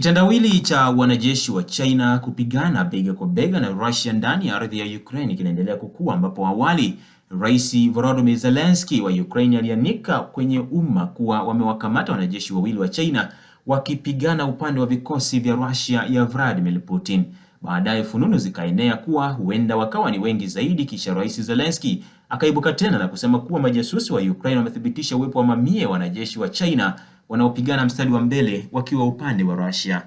Kitendawili cha wanajeshi wa China kupigana bega kwa bega na Russia ndani ya ardhi ya Ukraine kinaendelea kukua ambapo awali Rais Volodymyr Zelensky wa Ukraine alianika kwenye umma kuwa wamewakamata wanajeshi wawili wa China wakipigana upande wa vikosi vya Russia ya Vladimir Putin. Baadaye fununu zikaenea kuwa huenda wakawa ni wengi zaidi, kisha Rais Zelensky akaibuka tena na kusema kuwa majasusi wa Ukraine wamethibitisha uwepo wa mamia ya wanajeshi wa China wanaopigana mstari wa mbele wakiwa upande wa Russia.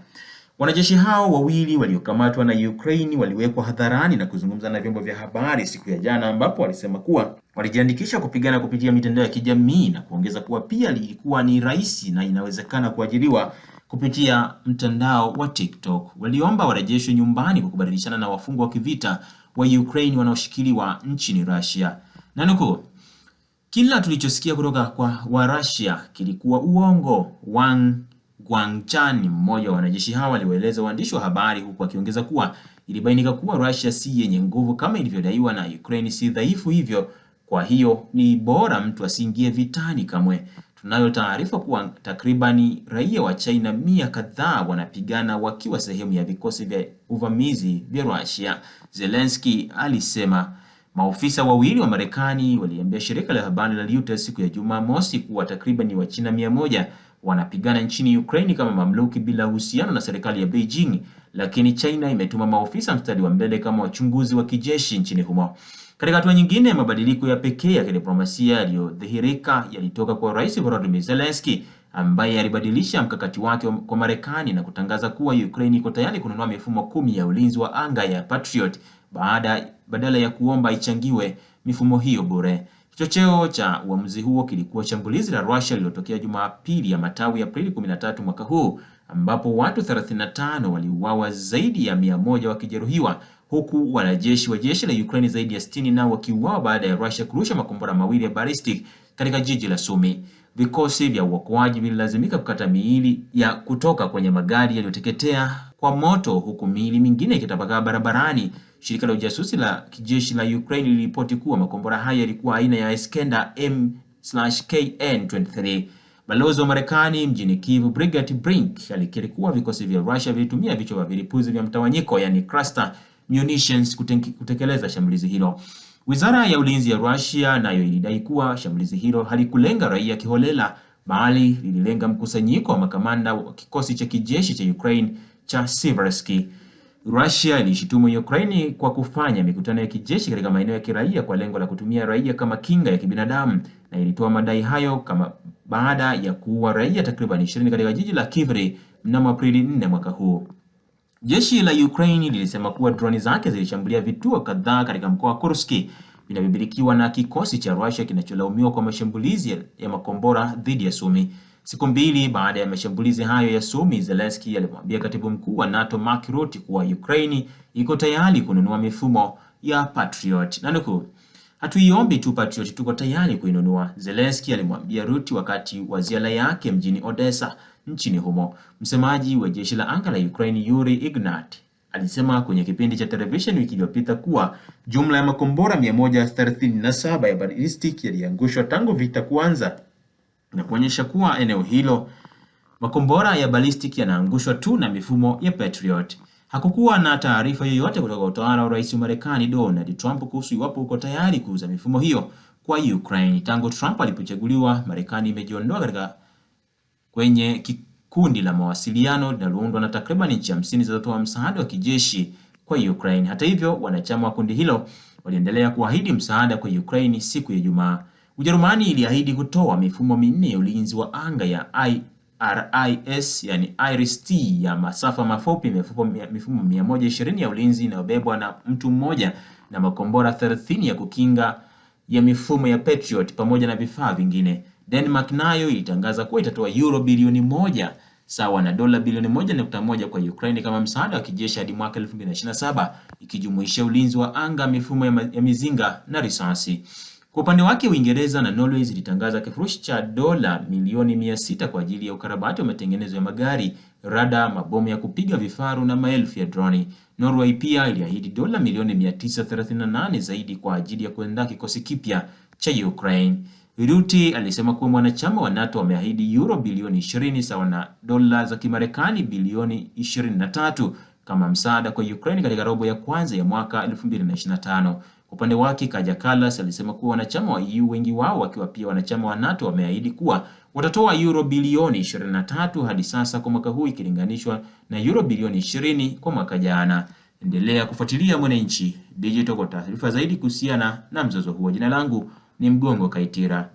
Wanajeshi hao wawili waliokamatwa na Ukraine waliwekwa hadharani na kuzungumza na vyombo vya habari siku ya jana, ambapo walisema kuwa walijiandikisha kupigana kupitia mitandao ya kijamii na kuongeza kuwa pia lilikuwa ni rahisi na inawezekana kuajiriwa kupitia mtandao wa TikTok. Waliomba warejeshwe nyumbani kwa kubadilishana na wafungwa wa kivita wa Ukraine wanaoshikiliwa nchini Russia. Nanukuu, kila tulichosikia kutoka kwa Warusia kilikuwa uongo, Wang Guangchan, mmoja wa wanajeshi hawa aliwaeleza waandishi wa habari huku akiongeza kuwa ilibainika kuwa Russia si yenye nguvu kama ilivyodaiwa na Ukraine si dhaifu hivyo, kwa hiyo ni bora mtu asiingie vitani kamwe. Tunayo taarifa kuwa takribani raia wa China mia kadhaa wanapigana wakiwa sehemu ya vikosi vya uvamizi vya Russia, Zelensky alisema. Maofisa wawili wa Marekani waliambia shirika la habari la Reuters siku ya Jumamosi kuwa takriban Wachina mia moja wanapigana nchini Ukraine kama mamluki bila uhusiano na serikali ya Beijing, lakini China imetuma maofisa mstari wa mbele kama wachunguzi wa kijeshi nchini humo. Katika hatua nyingine, mabadiliko ya pekee ya kidiplomasia yaliyodhihirika yalitoka kwa Rais Volodymyr Zelensky ambaye alibadilisha mkakati wake kwa Marekani na kutangaza kuwa Ukraine iko tayari kununua mifumo kumi ya ulinzi wa anga ya Patriot baada badala ya kuomba ichangiwe mifumo hiyo bure. Kichocheo cha uamuzi huo kilikuwa shambulizi la Russia lililotokea Jumapili ya matawi Aprili 13 mwaka huu ambapo watu 35 waliuawa, zaidi ya 100 wakijeruhiwa huku wanajeshi wa jeshi la Ukraine zaidi ya 60 nao wakiuawa baada ya Russia kurusha makombora mawili ya ballistic katika jiji la Sumi. Vikosi vya uokoaji vililazimika kukata miili ya kutoka kwenye magari yaliyoteketea kwa moto huku miili mingine ikitapakaa barabarani. Shirika la ujasusi la kijeshi la Ukraine liliripoti kuwa makombora hayo yalikuwa aina ya Iskander M/KN-23. Balozi wa Marekani mjini Kyiv, Brigadier Brink, alikiri kuwa vikosi vya Russia vilitumia vichwa vya vilipuzi vya mtawanyiko, yani cluster Munitions kutekeleza shambulizi hilo. Wizara ya Ulinzi ya Russia nayo ilidai kuwa shambulizi hilo halikulenga raia kiholela bali lililenga mkusanyiko wa makamanda wa kikosi cha kijeshi cha Ukraine cha Siversky. Russia ilishitumu Ukraine kwa kufanya mikutano ya kijeshi katika maeneo ya kiraia kwa lengo la kutumia raia kama kinga ya kibinadamu na ilitoa madai hayo kama baada ya kuua raia takriban 20 katika jiji la Kivri mnamo Aprili 4 mwaka huu. Jeshi la Ukraine lilisema kuwa droni zake zilishambulia vituo kadhaa katika mkoa wa Kursk vinavyomilikiwa na kikosi cha Russia kinacholaumiwa kwa mashambulizi ya makombora dhidi ya Sumi. Siku mbili baada ya mashambulizi hayo ya Sumi, Zelensky alimwambia Katibu Mkuu wa NATO Mark Rutte kuwa Ukraine iko tayari kununua mifumo ya Patriot. Nanukuu, hatuiombi tu Patriot, tuko tayari kuinunua, Zelensky alimwambia Rutte wakati wa ziara yake mjini Odessa nchini humo. Msemaji wa jeshi la anga la Ukraine, Yuri Ignat, alisema kwenye kipindi cha televisheni wiki iliyopita kuwa jumla ya makombora 137 ya balistiki yaliangushwa tangu vita kuanza na kuonyesha kuwa eneo hilo makombora ya balistiki yanaangushwa tu na mifumo ya Patriot. Hakukuwa na taarifa yoyote kutoka utawala wa rais wa Marekani Donald Trump kuhusu iwapo uko tayari kuuza mifumo hiyo kwa Ukraine. Tangu Trump alipochaguliwa, Marekani imejiondoa katika kwenye kikundi la mawasiliano linaloundwa na takriban nchi hamsini zinazotoa msaada wa kijeshi kwa Ukraine. Hata hivyo, wanachama wa kundi hilo waliendelea kuahidi msaada kwa Ukraine siku ya Ijumaa. Ujerumani iliahidi kutoa mifumo minne ya ulinzi wa anga ya IRIS, yani IRIS-T ya masafa mafupi, mifumo 120 ya ulinzi inayobebwa na mtu mmoja na makombora 30 ya kukinga ya mifumo ya Patriot pamoja na vifaa vingine. Denmark nayo ilitangaza kuwa itatoa euro bilioni moja sawa na dola bilioni moja nukta moja kwa Ukraine kama msaada wa kijeshi hadi mwaka 2027 ikijumuisha ulinzi wa anga, mifumo ya mizinga na risasi. Kwa upande wake, Uingereza na Norway zilitangaza kifurushi cha dola milioni 600 kwa ajili ya ukarabati wa matengenezo ya magari, rada, mabomu ya kupiga vifaru na maelfu ya droni. Norway pia iliahidi dola milioni 938 zaidi kwa ajili ya kuandaa kikosi kipya cha Ukraine. Rutte alisema kuwa mwanachama wa NATO wameahidi euro bilioni 20 sawa na dola za Kimarekani bilioni 23 kama msaada kwa Ukraine katika robo ya kwanza ya mwaka 2025. Kwa upande wake, Kaja Kallas alisema kuwa wanachama wa EU, wengi wao wakiwa pia wanachama wa NATO, wameahidi kuwa watatoa euro bilioni 23 hadi sasa kwa mwaka huu ikilinganishwa na euro bilioni 20 kwa mwaka jana. Endelea kufuatilia Mwananchi Digital kwa taarifa zaidi kuhusiana na mzozo huo. Jina langu ni Mgongo Kaitira.